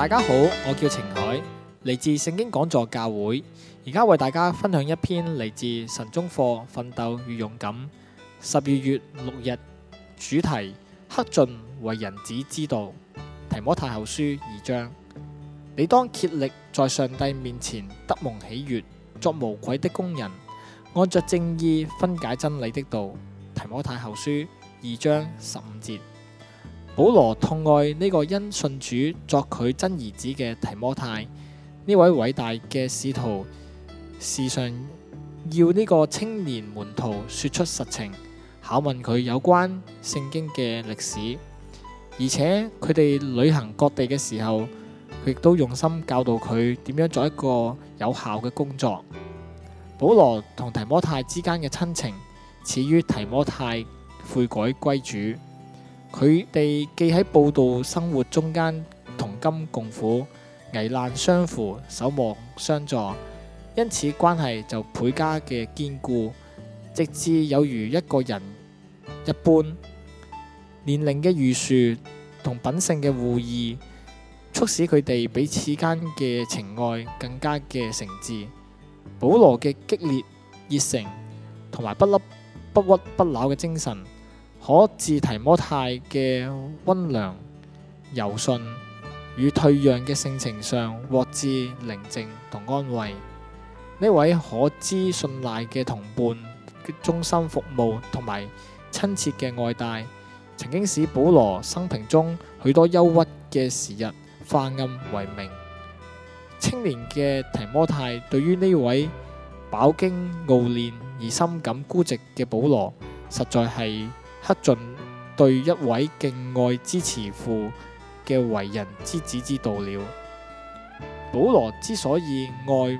大家好，我叫程海，嚟自聖經講座教會，而家為大家分享一篇嚟自神中課奮鬥與勇敢，十二月六日主題：克盡為人子之道，提摩太後書二章。你當竭力在上帝面前得蒙喜悅，作無愧的工人，按着正義分解真理的道，提摩太後書二章十五節。保羅痛愛呢個因信主作佢真兒子嘅提摩太，呢位偉大嘅使徒時常要呢個青年門徒說出實情，考問佢有關聖經嘅歷史，而且佢哋旅行各地嘅時候，佢亦都用心教導佢點樣做一個有效嘅工作。保羅同提摩太之間嘅親情，始於提摩太悔改歸主。佢哋既喺佈道生活中間同甘共苦、危難相扶、守望相助，因此關係就倍加嘅堅固，直至有如一個人一般。年齡嘅懸殊同品性嘅互異，促使佢哋彼此間嘅情愛更加嘅誠摯。保羅嘅激烈熱誠同埋不屈不屈不撓嘅精神。可自提摩太嘅溫良、柔順與退讓嘅性情上，獲致寧靜同安慰。呢位可知信賴嘅同伴，忠心服務同埋親切嘅愛戴，曾經使保羅生平中許多憂鬱嘅時日化暗為明。青年嘅提摩太對於呢位飽經熬煉而深感孤寂嘅保羅，實在係。克盡對一位敬愛之慈父嘅為人之子之道了。保羅之所以愛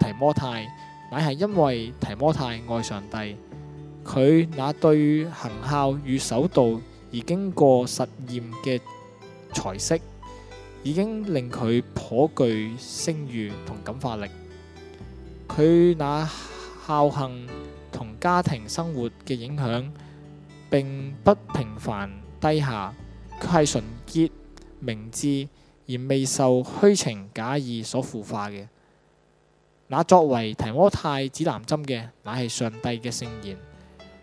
提摩太，乃係因為提摩太愛上帝。佢那對行孝與守道而經過實驗嘅才識，已經令佢頗具聲譽同感化力。佢那孝行同家庭生活嘅影響並不平凡低下，佢係純潔明智而未受虛情假意所腐化嘅。那作為提摩太指南針嘅，乃係上帝嘅聖言。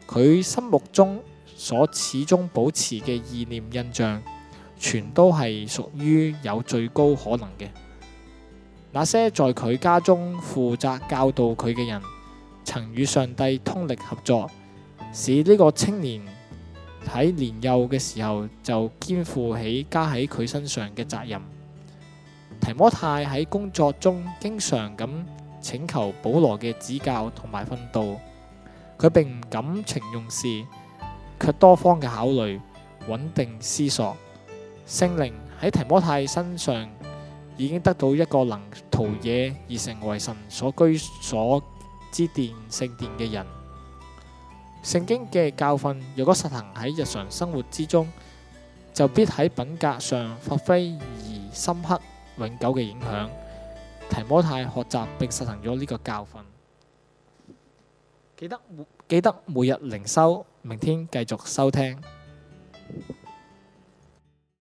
佢心目中所始終保持嘅意念印象，全都係屬於有最高可能嘅。那些在佢家中負責教導佢嘅人，曾與上帝通力合作，使呢個青年。喺年幼嘅時候就肩負起加喺佢身上嘅責任。提摩太喺工作中經常咁請求保羅嘅指教同埋訓導，佢並唔感情用事，卻多方嘅考慮穩定思索。聖靈喺提摩太身上已經得到一個能陶冶而成為神所居所之殿聖殿嘅人。聖經嘅教訓，若果實行喺日常生活之中，就必喺品格上發揮而深刻、永久嘅影響。提摩太學習並實行咗呢個教訓。記得記得每日靈修，明天繼續收聽。